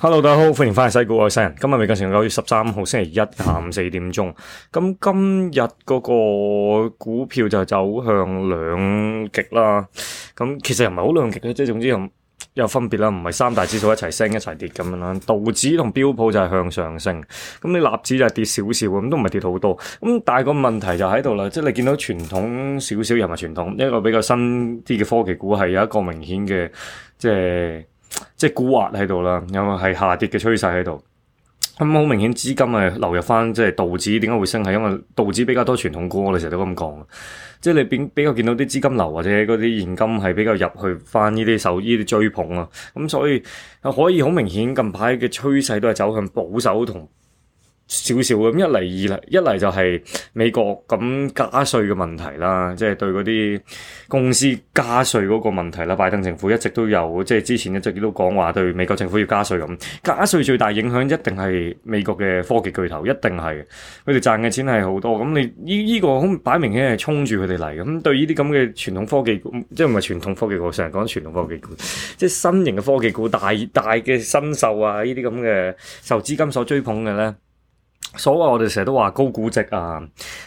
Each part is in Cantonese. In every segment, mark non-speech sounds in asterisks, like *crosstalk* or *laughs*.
hello，大家好，歡迎翻嚟西股，我係西人。今日未近成九月十三號星期一下午四點鐘。咁今日嗰個股票就走向兩極啦。咁其實又唔係好兩極嘅，即係總之又有分別啦，唔係三大指數一齊升一齊跌咁樣啦。道指同標普就係向上升，咁你納指就係跌少少，咁都唔係跌好多。咁但係個問題就喺度啦，即係你見到傳統少少又唔係傳統，一個比較新啲嘅科技股係有一個明顯嘅即係。即係股壓喺度啦，因為係下跌嘅趨勢喺度，咁、嗯、好明顯資金誒流入翻，即係道指點解會升？係因為道指比較多傳統股，我哋成日都咁講，即係你比比較見到啲資金流或者嗰啲現金係比較入去翻呢啲受呢啲追捧啊，咁、嗯、所以可以好明顯近排嘅趨勢都係走向保守同。少少咁，一嚟二嚟，一嚟就係美國咁加稅嘅問題啦，即係對嗰啲公司加稅嗰個問題啦。拜登政府一直都有，即係之前一直都講話對美國政府要加稅咁。加稅最大影響一定係美國嘅科技巨頭，一定係佢哋賺嘅錢係好多。咁你呢呢個擺明顯係衝住佢哋嚟嘅，咁對呢啲咁嘅傳統科技股，即係唔係傳統科技股，成日講傳統科技股，即係新型嘅科技股，大大嘅新秀啊！呢啲咁嘅受資金所追捧嘅咧。所謂我哋成日都話高估值啊，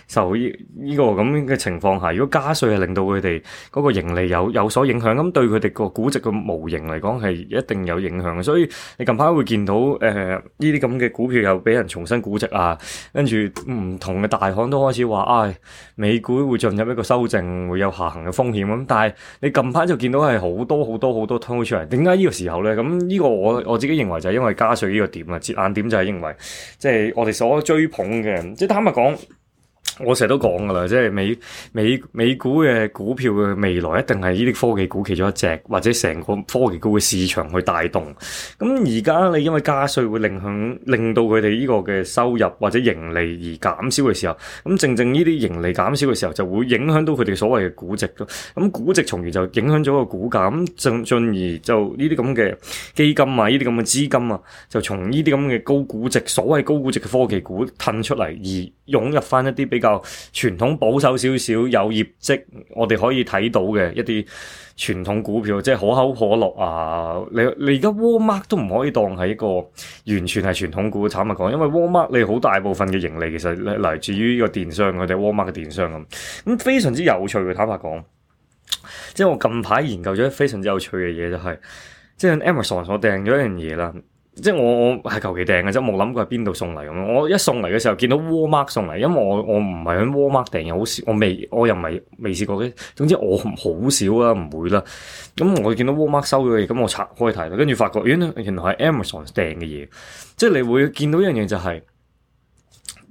就呢呢個咁嘅情況下，如果加稅係令到佢哋嗰個盈利有有所影響，咁對佢哋個估值個模型嚟講係一定有影響嘅。所以你近排會見到誒呢啲咁嘅股票又俾人重新估值啊，跟住唔同嘅大行都開始話，唉、哎，美股會進入一個修正，會有下行嘅風險咁。但係你近排就見到係好多好多好多推出嚟。點解呢個時候咧？咁呢個我我自己認為就係因為加稅呢個點啊，著眼點就係認為即係我哋所追捧嘅，即係坦白講。我成日都講㗎喇，即係美美美股嘅股票嘅未來一定係呢啲科技股其中一隻，或者成個科技股嘅市場去帶動。咁而家你因為加稅會令響令到佢哋呢個嘅收入或者盈利而減少嘅時候，咁正正呢啲盈利減少嘅時候，就會影響到佢哋所謂嘅估值咯。咁估值從而就影響咗個股價，咁進進而就呢啲咁嘅基金啊，呢啲咁嘅資金啊，就從呢啲咁嘅高估值所謂高估值嘅科技股褪出嚟，而湧入返一啲比較。較傳統保守少少，有業績我哋可以睇到嘅一啲傳統股票，即係可口可樂啊。你你而家 Walmart 都唔可以當係一個完全係傳統股，坦白講，因為 Walmart 你好大部分嘅盈利其實嚟自於個電商，佢哋 Walmart 嘅電商咁，咁非常之有趣嘅，坦白講，即係我近排研究咗非常之有趣嘅嘢就係、是，即係 Amazon 我訂咗一樣嘢啦。即係我我係求其訂嘅啫，冇諗過係邊度送嚟。咁我一送嚟嘅時候見到 Walmart 送嚟，因為我我唔係喺 Walmart 訂嘅，好少。我未我又唔係未試過嘅。總之我好少啦，唔會啦。咁、嗯、我見到 Walmart 收咗嘢，咁我拆開睇啦，跟住發覺，原來係 Amazon 訂嘅嘢。即係你會見到一樣嘢就係、是，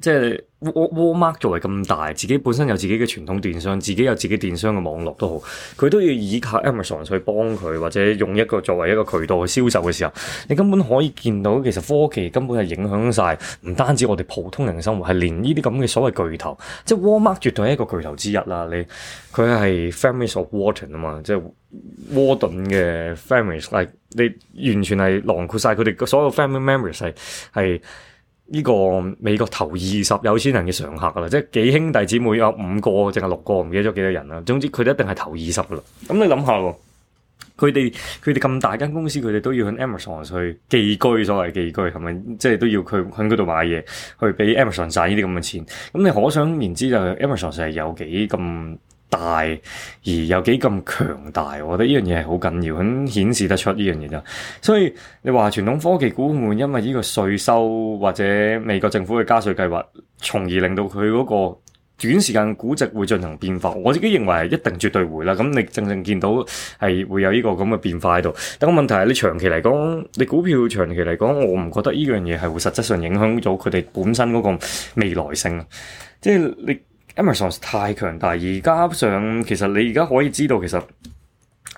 即係。Walmart Wal 作為咁大，自己本身有自己嘅傳統電商，自己有自己電商嘅網絡都好，佢都要依靠 Amazon 去幫佢，或者用一個作為一個渠道去銷售嘅時候，你根本可以見到其實科技根本係影響晒唔單止我哋普通人嘅生活，係連呢啲咁嘅所謂巨頭，即 Walmart 絕對係一個巨頭之一啦。你佢係 Families of Walton 啊嘛，即 Walton 嘅 family，你完全係囊括晒佢哋所有 family members 係係。呢個美國頭二十有錢人嘅常客啦，即係幾兄弟姊妹有五個淨係六個，我唔記得咗幾多人啦。總之佢哋一定係頭二十噶啦。咁、嗯、你諗下喎，佢哋佢哋咁大間公司，佢哋都要去 Amazon 去寄居，所謂寄居係咪？即係都要去喺嗰度買嘢，去畀 Amazon 賺呢啲咁嘅錢。咁、嗯、你可想而知就係 Amazon 成日有幾咁。大而有幾咁強大，我覺得呢樣嘢係好緊要，咁顯示得出呢樣嘢就。所以你話傳統科技股會唔會因為呢個稅收或者美國政府嘅加稅計劃，從而令到佢嗰個短時間估值會進行變化？我自己認為係一定絕對會啦。咁你正正見到係會有呢個咁嘅變化喺度。但個問題，係你長期嚟講，你股票長期嚟講，我唔覺得呢樣嘢係會實質上影響咗佢哋本身嗰個未來性。即係你。Amazon 太強大，而加上其實你而家可以知道，其實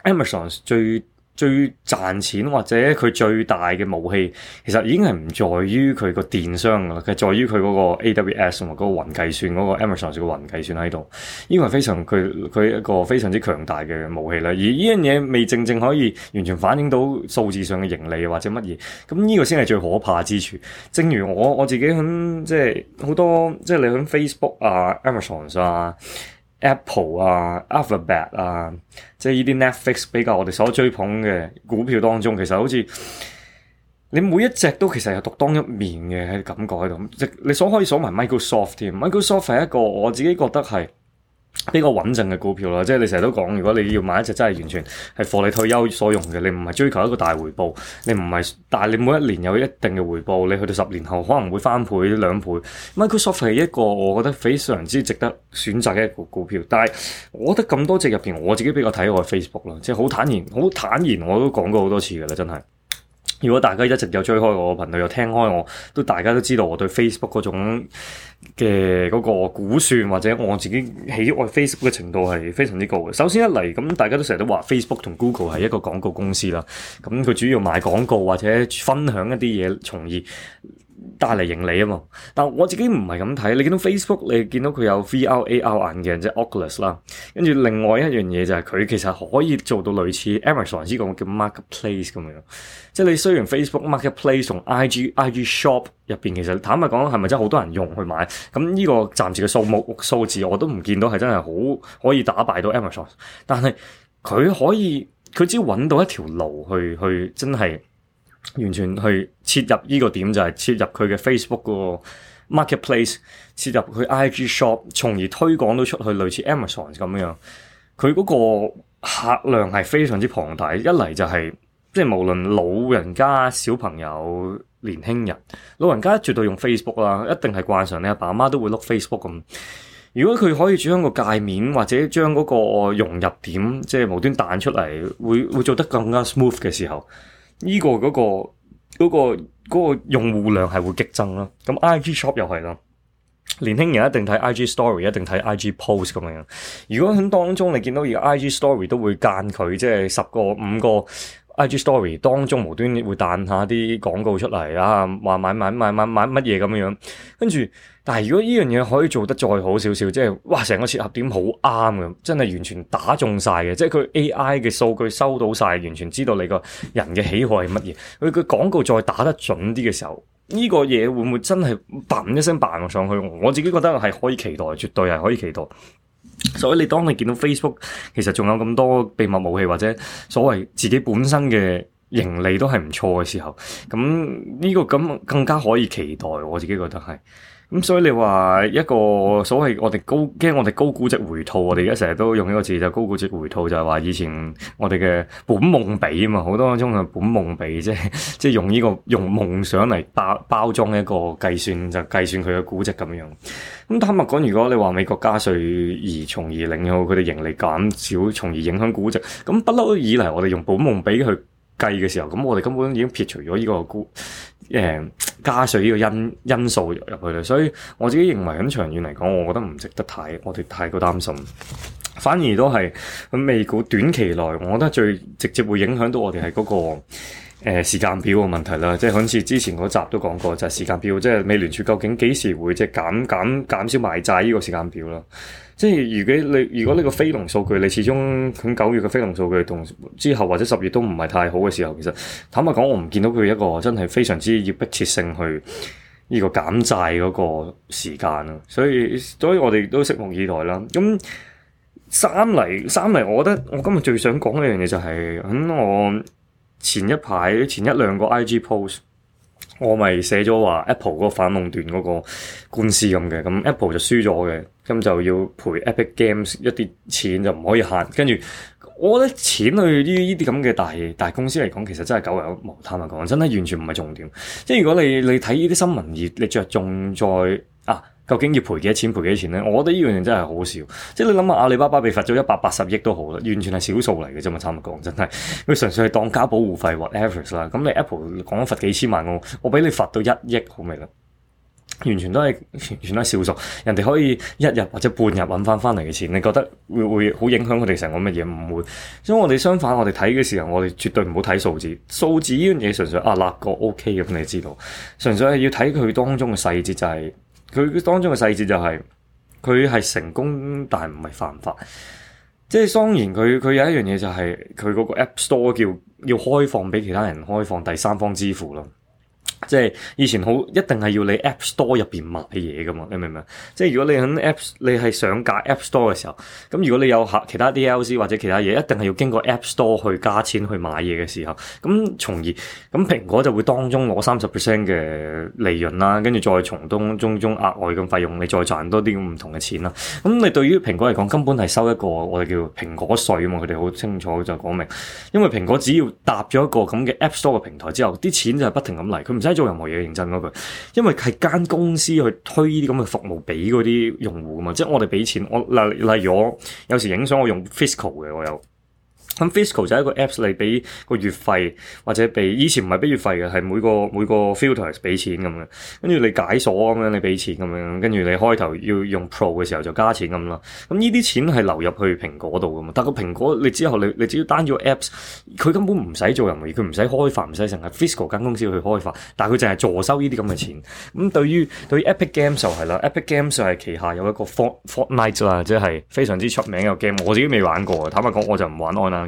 Amazon 最。最賺錢或者佢最大嘅武器，其實已經係唔在於佢個電商啦，其實在於佢嗰個 AWS 同埋嗰個雲計算嗰個 Amazon 嘅雲計算喺度，呢個係非常，佢佢一個非常之強大嘅武器啦。而呢樣嘢未正正可以完全反映到數字上嘅盈利或者乜嘢，咁呢個先係最可怕之處。正如我我自己響即係好多即係你響 Facebook 啊、Amazon 啊。Apple 啊，Alphabet 啊，即係呢啲 Netflix 比較我哋所追捧嘅股票當中，其實好似你每一隻都其實係獨當一面嘅感覺，咁喺度，你所可以數埋 Mic Microsoft 添，Microsoft 係一個我自己覺得係。比較穩陣嘅股票咯，即係你成日都講，如果你要買一隻真係完全係 for 你退休所用嘅，你唔係追求一個大回報，你唔係，但係你每一年有一定嘅回報，你去到十年後可能會翻倍兩倍。Microsoft 係一個我覺得非常之值得選擇嘅一個股票，但係我覺得咁多隻入邊，我自己比較睇我 Facebook 咯，即係好坦然，好坦然我都講過好多次㗎啦，真係。如果大家一直有追開我個頻道，又聽開我，都大家都知道我對 Facebook 嗰種嘅嗰個估算，或者我自己喜愛 Facebook 嘅程度係非常之高嘅。首先一嚟，咁大家都成日都話 Facebook 同 Google 係一個廣告公司啦，咁佢主要賣廣告或者分享一啲嘢，從而帶嚟盈利啊嘛！但我自己唔係咁睇，你見到 Facebook，你見到佢有 VR AR 眼鏡即係 Oculus 啦，跟住另外一樣嘢就係佢其實可以做到類似 Amazon 呢個叫 Marketplace 咁樣，即係你雖然 Facebook Marketplace 同 IG IG Shop 入邊，其實坦白講係咪真係好多人用去買？咁呢個暫時嘅數目數字我都唔見到係真係好可以打敗到 Amazon，但係佢可以佢只要揾到一條路去去真係。完全去切入呢個點就係、是、切入佢嘅 Facebook 嗰個 marketplace，切入佢 IG shop，從而推廣到出去類似 Amazon 咁樣。佢嗰個客量係非常之龐大，一嚟就係、是、即係無論老人家、小朋友、年輕人，老人家絕對用 Facebook 啦，一定係慣常，你阿爸阿媽都會碌 Facebook 咁。如果佢可以將個界面或者將嗰個融入點，即係無端彈出嚟，會會做得更加 smooth 嘅時候。呢個嗰個嗰個用戶量係會激增啦，咁 IG Shop 又係啦，年輕人一定睇 IG Story，一定睇 IG Post 咁樣。如果喺當中你見到而家 IG Story 都會間佢，即係十個五個 IG Story 當中無端會彈下啲廣告出嚟啊，話買買買買買乜嘢咁樣，跟住。但係如果呢樣嘢可以做得再好少少，即係哇成個切入點好啱嘅，真係完全打中晒嘅，即係佢 AI 嘅數據收到晒，完全知道你個人嘅喜好係乜嘢，佢個廣告再打得準啲嘅時候，呢個嘢會唔會真係嘭一聲嘭咗上去？我自己覺得係可以期待，絕對係可以期待。所以你當你見到 Facebook 其實仲有咁多秘密武器或者所謂自己本身嘅盈利都係唔錯嘅時候，咁呢個咁更加可以期待。我自己覺得係。咁、嗯、所以你話一個所謂我哋高驚我哋高估值回吐，我哋而家成日都用一個字就高估值回吐，就係、是、話以前我哋嘅本夢比啊嘛，好多種嘅本夢比，即係即係用呢、這個用夢想嚟包包裝一個計算，就計算佢嘅估值咁樣。咁、嗯、坦白講，如果你話美國加稅而從而令到佢哋盈利減少，從而影響估值，咁不嬲以嚟我哋用本夢比去。計嘅時候，咁我哋根本已經撇除咗呢個估、呃，加稅呢個因因素入去啦。所以我自己認為，咁長遠嚟講，我覺得唔值得睇，我哋太過擔心，反而都係咁美股短期內，我覺得最直接會影響到我哋係嗰個。誒，時間表個問題啦，即係好似之前嗰集都講過，就係、是、時間表，即係美聯儲究竟幾時會即係減減減少買債呢個時間表啦？即係如果你如果呢個非農數據你始終喺九月嘅非農數據同之後或者十月都唔係太好嘅時候，其實坦白講，我唔見到佢一個真係非常之要迫切性去呢個減債嗰個時間啊，所以所以我哋都拭目以待啦。咁、嗯、三嚟三嚟，我覺得我今日最想講嘅一樣嘢就係、是、喺、嗯、我。前一排前一兩個 IG post，我咪寫咗話 Apple 個反壟斷嗰個官司咁嘅，咁 Apple 就輸咗嘅，咁就要賠 Epic Games 一啲錢就唔可以慳。跟住我覺得錢對於呢呢啲咁嘅大大公司嚟講，其實真係久違冇貪啊，講真係完全唔係重點。即係如果你你睇呢啲新聞而你着重在啊。究竟要賠幾多錢？賠幾多錢咧？我覺得呢樣嘢真係好笑。即係你諗下，阿里巴巴被罰咗一百八十億都好啦，完全係小數嚟嘅啫嘛，差唔多講真係。佢純粹係當交保護費喎，Apple 啦。咁你 Apple 講罰幾千萬我，我俾你罰到一億好未啦？完全都係，完全都係小數。人哋可以一日或者半日揾翻翻嚟嘅錢，你覺得會唔會好影響佢哋成個乜嘢唔會？所以我哋相反，我哋睇嘅時候，我哋絕對唔好睇數字。數字呢樣嘢純粹啊，立個 OK 咁，你知道。純粹係要睇佢當中嘅細節就係、是。佢當中嘅細節就係佢係成功，但唔係犯法。即係當然，佢佢有一樣嘢就係佢嗰個 App Store 叫要開放畀其他人，開放第三方支付咯。即係以前好一定係要你 App Store 入邊買嘢㗎嘛，你明唔明啊？即係如果你喺 App 你係上架 App Store 嘅時候，咁如果你有其他 DLC 或者其他嘢，一定係要經過 App Store 去加錢去買嘢嘅時候，咁從而咁蘋果就會當中攞三十 percent 嘅利潤啦，跟住再從中中中額外嘅費用，你再賺多啲咁唔同嘅錢啦。咁你對於蘋果嚟講，根本係收一個我哋叫蘋果稅啊嘛，佢哋好清楚就講明，因為蘋果只要搭咗一個咁嘅 App Store 嘅平台之後，啲錢就係不停咁嚟，佢唔做任何嘢認真嗰句，因為係間公司去推呢啲咁嘅服務俾嗰啲用戶啊嘛，即係我哋俾錢。我，例例如我有，有時影相我用 fiscal 嘅，我有。咁 Fisco 就係一個 Apps 你俾個月費，或者俾以前唔係俾月費嘅，係每個每個 Filters 俾錢咁嘅。跟住你解鎖咁樣你俾錢咁樣，跟住你開頭要用 Pro 嘅時候就加錢咁啦。咁呢啲錢係流入去蘋果度嘅嘛。但個蘋果你之後你你只要 down 咗 Apps，佢根本唔使做任何嘢，佢唔使開發，唔使成日 Fisco 間公司去開發，但係佢淨係坐收呢啲咁嘅錢。咁對於對於 Epic Games *laughs* Epic Games 就係啦 *laughs* ，Epic Games 就係旗下有一個 Fort Fortnite 啦，即係非常之出名嘅 game。我自己未玩過，坦白講我就唔玩 online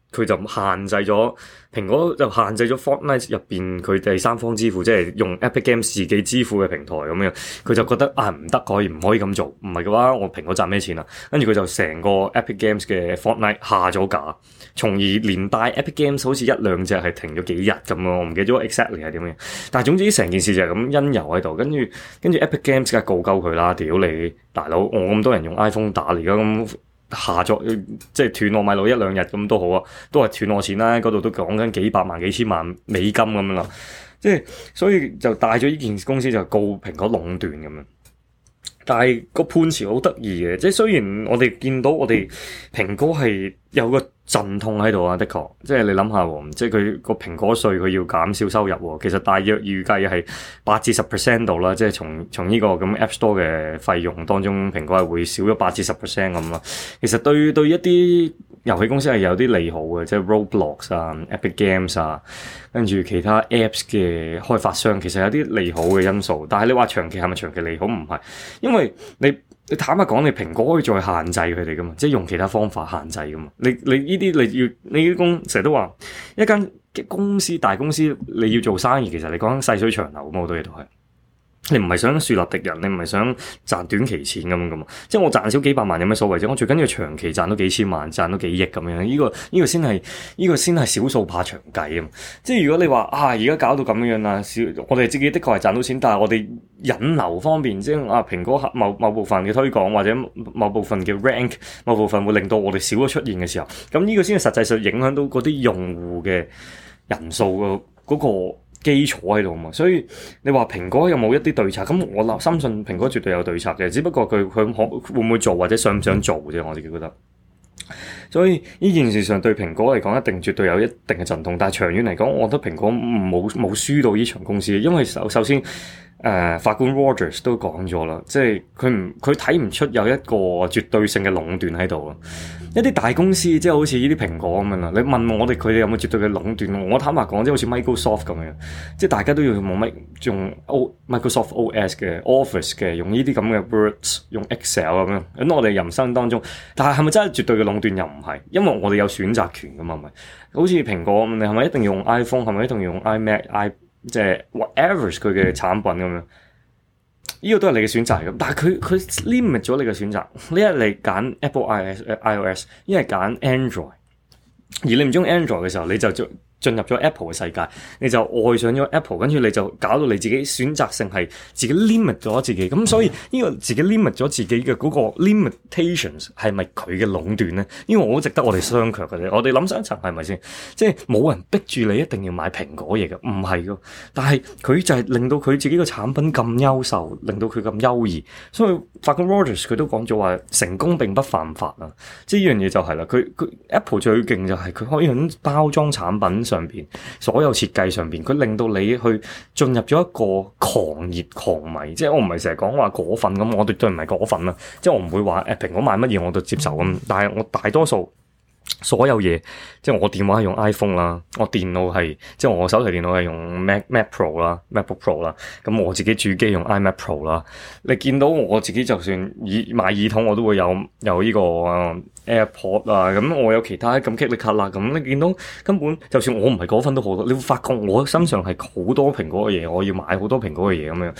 佢就限制咗蘋果就限制咗 Fortnite 入邊佢第三方支付，即係用 Epic Games 自己支付嘅平台咁樣。佢就覺得啊唔得，可以唔可以咁做？唔係嘅話，我蘋果賺咩錢啊？跟住佢就成個 Epic Games 嘅 Fortnite 下咗架，從而連帶 Epic Games 好似一兩隻係停咗幾日咁咯。我唔記咗 exactly 係點樣，但係總之成件事就係咁因由喺度。跟住跟住 Epic Games 即刻告鳩佢啦！屌你大佬，我咁多人用 iPhone 打嚟㗎咁。下作即係斷落米路一兩日咁都好啊，都係斷落錢啦，啊，嗰度都講緊幾百萬幾千萬美金咁樣啦，即係所以就帶咗呢件事。公司就告蘋果壟斷咁樣，但係個判詞好得意嘅，即係雖然我哋見到我哋蘋果係。有個陣痛喺度啊，的確，即係你諗下，即係佢個蘋果稅佢要減少收入喎，其實大約預計係八至十 percent 度啦，即係從從呢個咁 App Store 嘅費用當中，蘋果係會少咗八至十 percent 咁咯。其實對對一啲遊戲公司係有啲利好嘅，即係 Roblox 啊、Epic Games 啊，跟住其他 Apps 嘅開發商，其實有啲利好嘅因素。但係你話長期係咪長期利好？唔係，因為你。你坦白講，你蘋果可以再限制佢哋噶嘛，即係用其他方法限制噶嘛。你你呢啲你要你啲公，成日都話一間公司，大公司你要做生意，其實你講緊細水長流啊嘛，好多嘢都係。你唔係想樹立敵人，你唔係想賺短期錢咁樣噶嘛。即係我賺少幾百萬有咩所謂啫？我最緊要長期賺到幾千萬、賺到幾億咁樣，呢個呢個先係呢個先係少數怕長計啊。即係如果你話啊，而家搞到咁樣啦，少我哋自己的確係賺到錢，但係我哋。引流方面，即、就、係、是、啊，蘋果某某,某部分嘅推廣或者某,某部分嘅 rank，某部分會令到我哋少咗出現嘅時候，咁呢個先係實際上影響到嗰啲用戶嘅人數個、嗰個基礎喺度嘛。所以你話蘋果有冇一啲對策？咁我諗深信蘋果絕對有對策嘅，只不過佢佢可會唔會做或者想唔想做啫。我自己覺得，所以呢件事上對蘋果嚟講一定絕對有一定嘅陣痛，但係長遠嚟講，我覺得蘋果冇冇輸到呢場官司，因為首首先。誒、uh, 法官 Rogers 都講咗啦，即係佢唔佢睇唔出有一個絕對性嘅壟斷喺度咯。一啲大公司即係好似呢啲蘋果咁樣啦。你問我哋佢哋有冇絕對嘅壟斷？我坦白講，即係好似 Microsoft 咁樣，即係大家都要用乜用 Microsoft OS 嘅 Office 嘅，用呢啲咁嘅 Words，用 Excel 咁樣。咁我哋人生當中，但係係咪真係絕對嘅壟斷又唔係？因為我哋有選擇權噶嘛，係咪好似蘋果咁，你係咪一定要用 iPhone？係咪一定要用 iMac？i 即係 whatever 佢嘅產品咁樣，呢、呢個都係你嘅選擇咁，但係佢佢 limit 咗你嘅選擇。一係你揀 Apple iOS，一係揀 Android。而你唔中意 Android 嘅時候，你就進入咗 Apple 嘅世界，你就愛上咗 Apple，跟住你就搞到你自己選擇性係自己 limit 咗自己，咁所以呢個自己 limit 咗自己嘅嗰個 limitations 係咪佢嘅壟斷咧？因為我好值得我哋商榷嘅咧，我哋諗上一層係咪先？即係冇人逼住你一定要買蘋果嘢嘅，唔係噶，但係佢就係令到佢自己嘅產品咁優秀，令到佢咁優異。所以法官 Rogers 佢都講咗話：成功並不犯法啊！即係呢樣嘢就係啦。佢佢 Apple 最勁就係佢可以咁包裝產品。上邊所有設計上邊，佢令到你去進入咗一個狂熱狂迷，即係我唔係成日講話果粉咁，我哋都唔係果粉啦，即係我唔會話誒、欸、蘋果買乜嘢我都接受咁，但係我大多數。所有嘢，即係我電話係用 iPhone 啦，我電腦係，即係我手提電腦係用 Mac Mac Pro 啦，MacBook Pro 啦，咁我自己主機用 iMac Pro 啦。你見到我自己就算耳買耳筒，我都會有有呢、這個、嗯、AirPod 啊，咁我有其他咁 Keyless 卡啦，咁你見到根本就算我唔係嗰分都好多，你會發覺我身上係好多蘋果嘅嘢，我要買好多蘋果嘅嘢咁樣。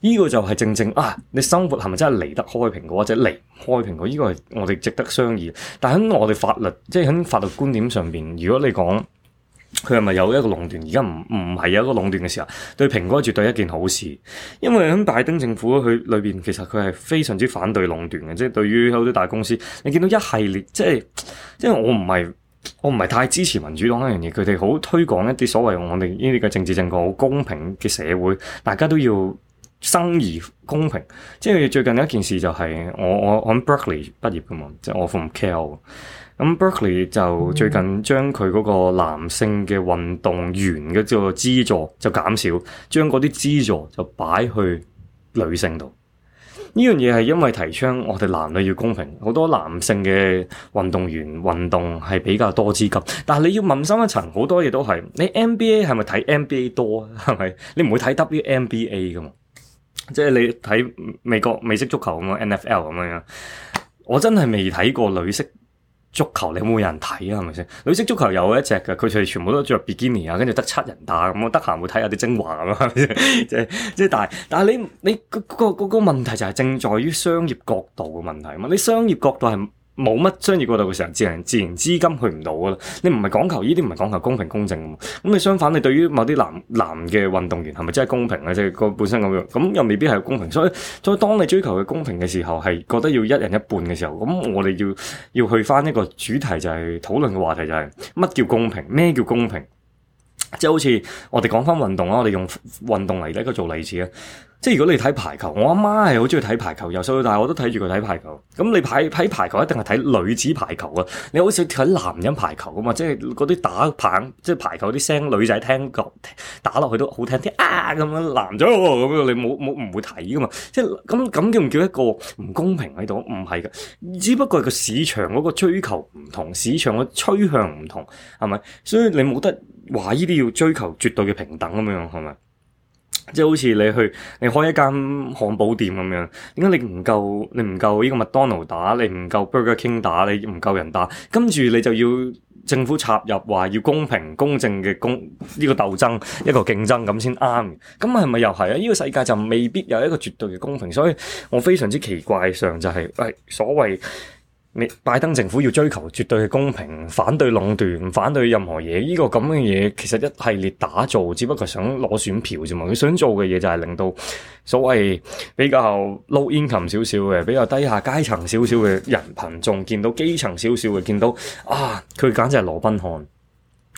呢個就係正正啊！你生活係咪真係離得開蘋果，或者離唔開蘋果？呢個係我哋值得商議。但喺我哋法律，即係喺法律觀點上邊，如果你講佢係咪有一個壟斷，而家唔唔係有一個壟斷嘅時候，對蘋果絕對一件好事。因為喺拜登政府佢裏邊，其實佢係非常之反對壟斷嘅，即係對於好多大公司，你見到一系列，即係，即係我唔係我唔係太支持民主黨呢樣嘢，佢哋好推廣一啲所謂我哋呢啲嘅政治正確，好公平嘅社會，大家都要。生而公平，即係最近有一件事就係我我我喺 Berkeley 畢業噶嘛，即係我 from Cal。咁 Berkeley 就最近將佢嗰個男性嘅運動員嘅個資助就減少，將嗰啲資助就擺去女性度。呢樣嘢係因為提倡我哋男女要公平，好多男性嘅運動員運動係比較多資金，但係你要問深一層，好多嘢都係你 NBA 係咪睇 NBA 多啊？係咪你唔會睇 WNBA 噶嘛即係你睇美國美式足球咁啊，NFL 咁樣樣，我真係未睇過女式足球。你有冇人睇啊？係咪先？女式足球有一隻㗎，佢哋全部都着著比基尼啊，跟住得七人打，咁我得閒會睇下啲精華咁啊，即係即係。但係但係你你個個個問題就係正在於商業角度嘅問題啊嘛。你商業角度係。冇乜商業過度嘅時候，自然自然資金去唔到噶啦。你唔係講求呢啲，唔係講求公平公正嘅嘛。咁你相反，你對於某啲男男嘅運動員係咪真係公平呀？即係個本身咁樣，咁又未必係公平。所以所以，當你追求嘅公平嘅時候，係覺得要一人一半嘅時候，咁我哋要要去翻一個主題，就係，就係討論嘅話題就係，係、乜叫公平？咩叫公平？即、就、係、係、好似我哋講翻運動啊，我哋用運動嚟呢個做例子啊。即係如果你睇排球，我阿媽係好中意睇排球，由細到大我都睇住佢睇排球。咁你排睇排，排球一定係睇女子排球啊！你好少睇男人排球噶嘛？即係嗰啲打棒，即係排球啲聲，女仔聽覺打落去都好聽啲啊！咁樣男仔喎咁樣，你冇冇唔會睇噶嘛？即係咁咁叫唔叫一個唔公平喺度？唔係噶，只不過係個市場嗰個追求唔同，市場嘅趨向唔同係咪？所以你冇得話呢啲要追求絕對嘅平等咁樣係咪？即係好似你去，你開一間漢堡店咁樣，點解你唔夠？你唔夠呢個麥當勞打，你唔夠 Burger King 打，你唔夠人打，跟住你就要政府插入，話要公平公正嘅公呢個鬥爭，一個競爭咁先啱嘅。咁係咪又係啊？呢個世界就未必有一個絕對嘅公平，所以我非常之奇怪，上就係誒所謂。你拜登政府要追求絕對嘅公平，反對壟斷，反對任何嘢。呢、這個咁嘅嘢其實一系列打造，只不過想攞選票啫嘛。佢想做嘅嘢就係令到所謂比較 low income 少少嘅、比較低下階層少少嘅人羣眾見到基層少少嘅，見到啊，佢簡直係羅賓漢。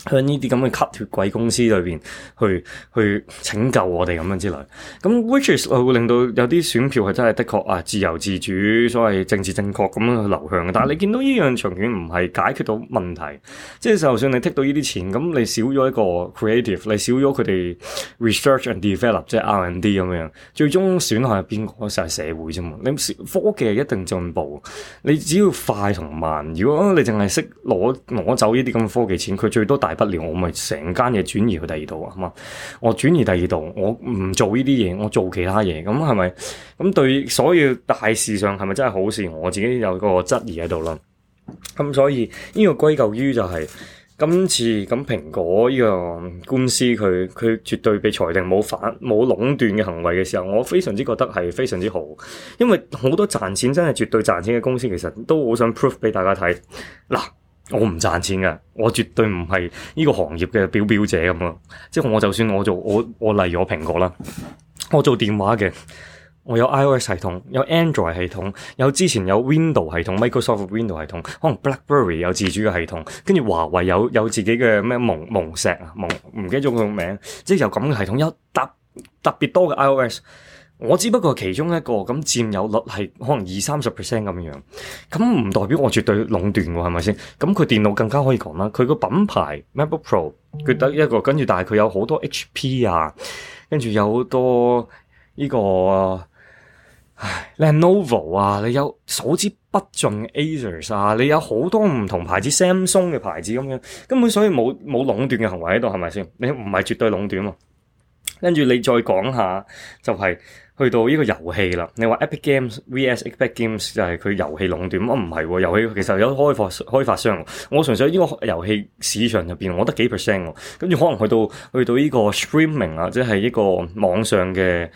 向呢啲咁嘅吸血鬼公司裏邊去去拯救我哋咁樣之類，咁 which 會令到有啲選票係真係的確啊，自由自主，所謂政治正確咁樣去流向嘅。但係你見到呢樣長遠唔係解決到問題，即係就算你剔到呢啲錢，咁你少咗一個 creative，你少咗佢哋 research and develop，即係 R and D 咁樣，最終損害係邊個？就係社會啫嘛。你科技一定進步，你只要快同慢。如果你淨係識攞攞走呢啲咁嘅科技錢，佢最多大不了我咪成間嘢轉移去第二度啊嘛，我轉移第二度，我唔做呢啲嘢，我做其他嘢，咁係咪咁對所有大事上係咪真係好事？我自己有個質疑喺度咯。咁所以呢個歸咎於就係今次咁蘋果呢個公司佢佢絕對被裁定冇反冇壟斷嘅行為嘅時候，我非常之覺得係非常之好，因為好多賺錢真係絕對賺錢嘅公司，其實都好想 prove 俾大家睇嗱。我唔賺錢噶，我絕對唔係呢個行業嘅表表姐咁啊。即係我就算我做我我例如我蘋果啦，我做電話嘅，我有 iOS 系統，有 Android 系統，有之前有 Windows 系統，Microsoft Windows 系統，可能 BlackBerry 有自主嘅系統，跟住華為有有自己嘅咩蒙蒙石啊，蒙唔記得咗個名，即係有咁嘅系統有特特別多嘅 iOS。我只不過其中一個咁佔有率係可能二三十 percent 咁樣，咁唔代表我絕對壟斷喎，係咪先？咁佢電腦更加可以講啦，佢個品牌 MacBook Pro 佢得一個，跟住但係佢有好多 HP 啊，跟住有好多呢個唉 Lenovo 啊，你有數之不盡 Asus 啊，你有好多唔同牌子 Samsung 嘅牌子咁樣，根本所以冇冇壟斷嘅行為喺度，係咪先？你唔係絕對壟斷啊！跟住你再講下，就係去到呢個遊戲啦。你話 Epic Games V.S. Epic Games 就係佢遊戲壟斷，我唔係喎。遊戲其實有開發開發商。我純粹呢個遊戲市場入邊，我得幾 percent。跟住可能去到去到呢個 streaming 啊，即係呢個網上嘅。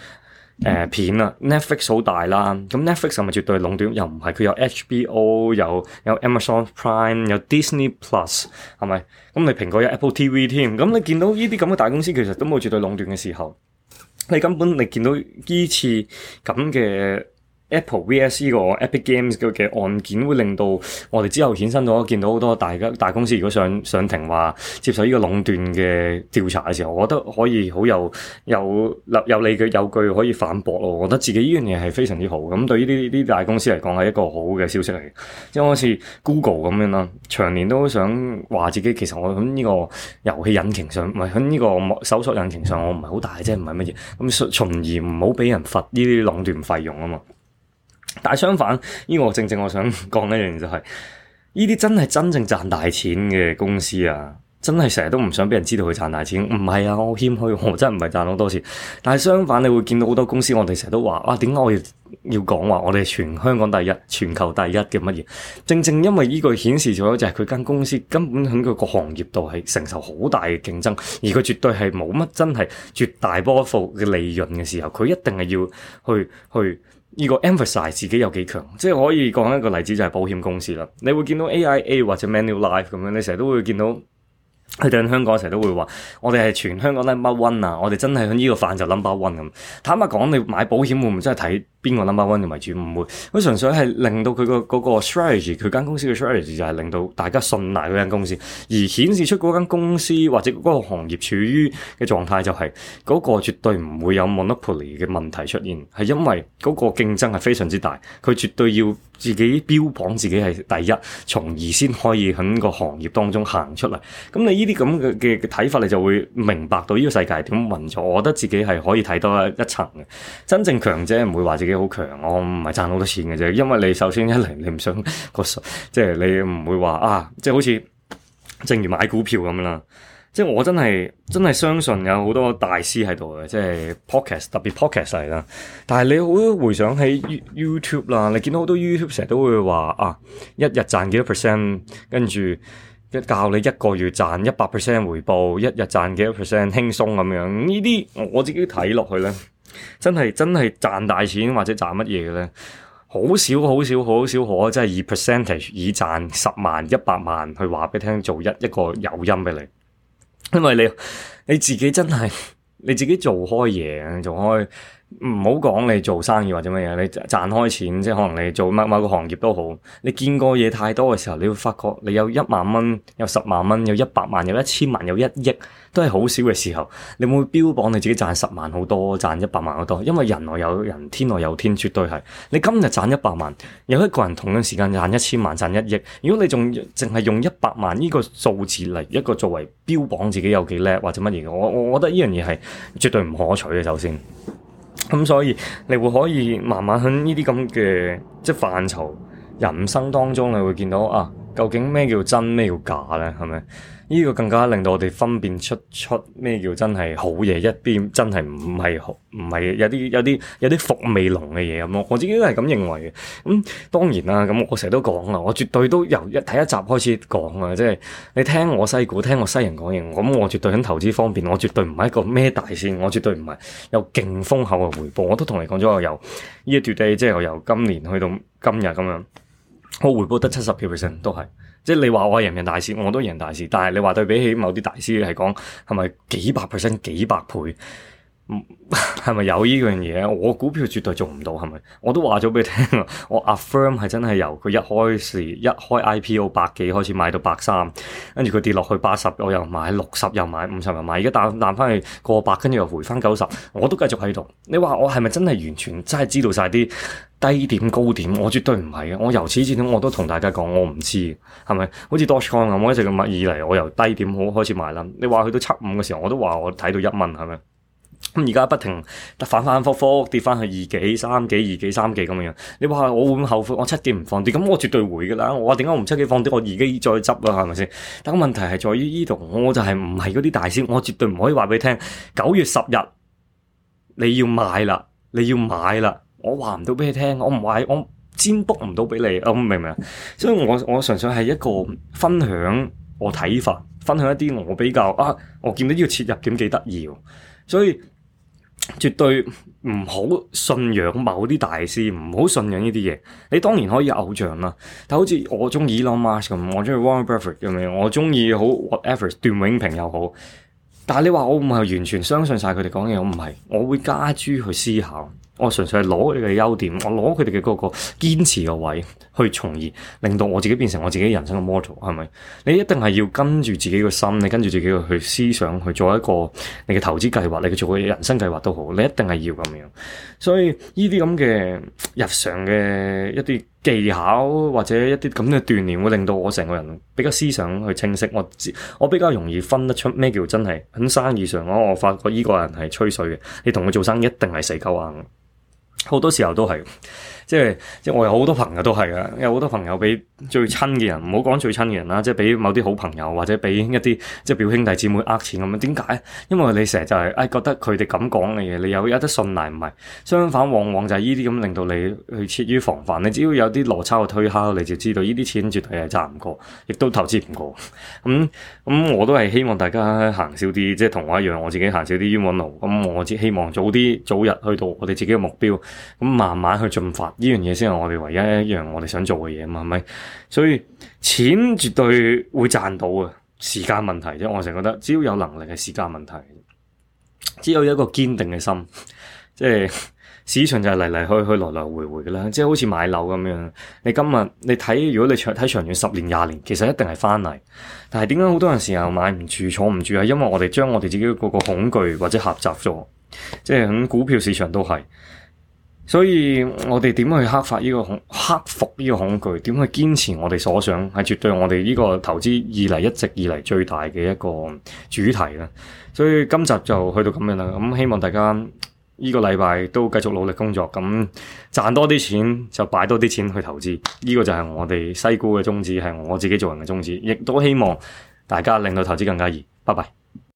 誒、嗯、片啊，Netflix 好大啦，咁 Netflix 係咪絕對壟斷？又唔係，佢有 HBO，有有 Amazon Prime，有 Disney Plus，係咪？咁你蘋果有 Apple TV 添，咁你見到呢啲咁嘅大公司其實都冇絕對壟斷嘅時候，你根本你見到呢次咁嘅。Apple VS 呢個 Epic Games 嘅案件會令到我哋之後衍生咗，見到好多大家大公司。如果上上庭話接受呢個壟斷嘅調查嘅時候，我覺得可以好有有有理據有據可以反駁咯。我覺得自己呢樣嘢係非常之好咁。對於呢啲大公司嚟講係一個好嘅消息嚟，即係好似 Google 咁樣啦，長年都想話自己其實我喺呢個遊戲引擎上，唔係喺呢個搜索引擎上我，我唔係好大啫，唔係乜嘢咁，從而唔好畀人罰呢啲壟斷費用啊嘛。但係相反，呢個正正我想講一樣嘢就係、是，呢啲真係真正賺大錢嘅公司啊，真係成日都唔想俾人知道佢賺大錢。唔係啊，我謙虛，我真係唔係賺好多錢。但係相反，你會見到好多公司我，我哋成日都話啊，點解我要要講話我哋全香港第一、全球第一嘅乜嘢？正正因為呢個顯示咗就係佢間公司根本喺佢個行業度係承受好大嘅競爭，而佢絕對係冇乜真係絕大波幅嘅利潤嘅時候，佢一定係要去去。呢個 emphasize 自己有幾強，即係可以講一個例子就係保險公司啦。你會見到 AIA 或者 Manulife 咁樣，你成日都會見到佢哋香港成日都會話：我哋係全香港 number one 啊！我哋真係喺呢個範疇 number one 咁。坦白講，你買保險會唔會真係睇？邊個 number one 嘅位置唔會，佢純粹係令到佢、嗰個嗰個 strategy，佢間公司嘅 strategy 就係令到大家信賴嗰間公司，而顯示出嗰間公司或者嗰個行業處於嘅狀態就係、係、嗰、嗰個絕對唔會有 monopoly 嘅問題出現，係因為嗰個競爭係非常之大，佢絕對要自己標榜自己係第一，從而先可以喺個行業當中行出嚟。咁你呢啲咁嘅嘅睇法，你就會明白到呢個世界係點運作。我覺得自己係可以睇多一,一層嘅，真正強者唔會話自己。你好強，我唔係賺好多錢嘅啫。因為你首先一嚟，你唔想個即係你唔會話啊，即係好似正如買股票咁啦。即係我真係真係相信有好多大師喺度嘅，即係 Podcast，特別 Podcast 嚟啦。但係你好多回想起 YouTube 啦，你見到好多 YouTube 成日都會話啊，一日賺幾多 percent，跟住一教你一個月賺一百 percent 回報，一日賺幾多 percent 輕鬆咁樣。呢啲我自己睇落去咧。真係真係賺大錢或者賺乜嘢嘅咧，好少好少好少可真係以 percentage 以賺十萬一百萬去話俾你聽做一一個誘因俾你，因為你你自己真係你自己做開嘢做開。唔好講你做生意或者乜嘢，你賺開錢，即係可能你做某某個行業都好，你見過嘢太多嘅時候，你會發覺你有一萬蚊、有十萬蚊、有一百萬、有一千萬、有一億，都係好少嘅時候，你會標榜你自己賺十萬好多，賺一百萬好多，因為人外有人，天外有天，絕對係。你今日賺一百萬，有一個人同樣時間賺一千萬、賺一億，如果你仲淨係用一百萬呢個數字嚟，一個作為標榜自己有幾叻或者乜嘢，我我覺得呢樣嘢係絕對唔可取嘅，首先。咁、嗯、所以你會可以慢慢喺呢啲咁嘅即係範疇人生當中，你會見到啊，究竟咩叫真，咩叫假咧，係咪？呢個更加令到我哋分辨出出咩叫真係好嘢，一邊真係唔係唔係有啲有啲有啲伏味濃嘅嘢咁咯。我自己都係咁認為嘅。咁、嗯、當然啦，咁、嗯、我成日都講啦，我絕對都由一睇一集開始講啊，即係你聽我西股，聽我西人講嘢。咁我絕對喺投資方面，我絕對唔係一個咩大線，我絕對唔係有勁豐厚嘅回報。我都同你講咗，我由呢一 today 即係我由今年去到今日咁樣，我回報得七十 percent 都係。即係你話我係人人大師，我都人人大師，但係你話對比起某啲大師嚟講，係咪幾百 percent 幾百倍？係咪 *laughs* 有呢樣嘢？我股票絕對做唔到，係咪？我都話咗畀你聽啊！我 Affirm 係真係由佢一開始一開 IPO 百幾開始買到百三，跟住佢跌落去八十，我又買六十，又買五十，又買，而家彈彈翻去過百，跟住又回翻九十，我都繼續喺度。你話我係咪真係完全真係知道晒啲低點高點？我絕對唔係嘅，我由始至終我都同大家講，我唔知係咪？好似 Dogecoin 咁我一直咁買以嚟，我由低點好開始買啦。你話去到七五嘅時候，我都話我睇到一蚊，係咪？咁而家不停反反覆覆跌翻去二幾三幾二幾三幾咁樣樣，你話我會唔會後悔？我七幾唔放跌，咁我絕對會噶啦。我點解我唔七幾放跌？我二幾再執啦，係咪先？但個問題係在於呢度，我就係唔係嗰啲大師，我絕對唔可以話畀你聽九月十日你要買啦，你要買啦，我話唔到畀你聽，我唔話，我占卜唔到畀你，我明唔明啊？所以我我純粹係一個分享我睇法，分享一啲我比較啊，我見到呢個切入點幾得意。所以絕對唔好信仰某啲大師，唔好信仰呢啲嘢。你當然可以偶像啦，但好似我鍾意 Elon Musk 咁，我鍾意 Warren Buffett 咁樣，我鍾意好 whatever 段永平又好。但係你話我唔係完全相信晒佢哋講嘢，我唔係，我會加諸去思考。我純粹係攞你嘅優點，我攞佢哋嘅嗰個堅持嘅位，去從而令到我自己變成我自己人生嘅 model，係咪？你一定係要跟住自己嘅心，你跟住自己嘅去思想去做一個你嘅投資計劃，你嘅做個人生計劃都好，你一定係要咁樣。所以呢啲咁嘅日常嘅一啲技巧或者一啲咁嘅鍛鍊，會令到我成個人比較思想去清晰。我我比較容易分得出咩叫真係。喺生意上，我我發覺呢個人係吹水嘅，你同佢做生意一定係死鳩硬，好多時候都係。即係即係我有好多朋友都係啊，有好多朋友俾最親嘅人，唔好講最親嘅人啦，即係俾某啲好朋友或者俾一啲即係表兄弟姊妹呃錢咁樣？點解？因為你成日就係、是、誒、哎、覺得佢哋咁講嘅嘢，你有一得信賴，唔係相反往往就係呢啲咁令到你去設於防範。你只要有啲邏輯去推敲，你就知道呢啲錢絕對係賺唔過，亦都投資唔過。咁 *laughs* 咁、嗯嗯、我都係希望大家行少啲，即係同我一樣，我自己行少啲冤枉路。咁、嗯、我只希望早啲早日去到我哋自己嘅目標，咁、嗯、慢慢去進發。呢樣嘢先係我哋唯一一樣我哋想做嘅嘢啊嘛，係咪？所以錢絕對會賺到啊，時間問題啫。我成日覺得，只要有能力，係時間問題。只有一個堅定嘅心，即係市場就係嚟嚟去去、來來回回嘅啦。即係好似買樓咁樣，你今日你睇，如果你睇長遠十年、廿年，其實一定係翻嚟。但係點解好多人時候買唔住、坐唔住啊？因為我哋將我哋自己嗰個恐懼或者狹窄咗，即係喺股票市場都係。所以我哋點去克服呢個恐克服呢個恐懼？點去堅持我哋所想？係絕對我哋呢個投資以嚟一直以嚟最大嘅一個主題啦。所以今集就去到咁樣啦。咁希望大家呢個禮拜都繼續努力工作，咁賺多啲錢就擺多啲錢去投資。呢、這個就係我哋西股嘅宗旨，係我自己做人嘅宗旨，亦都希望大家令到投資更加易。拜拜。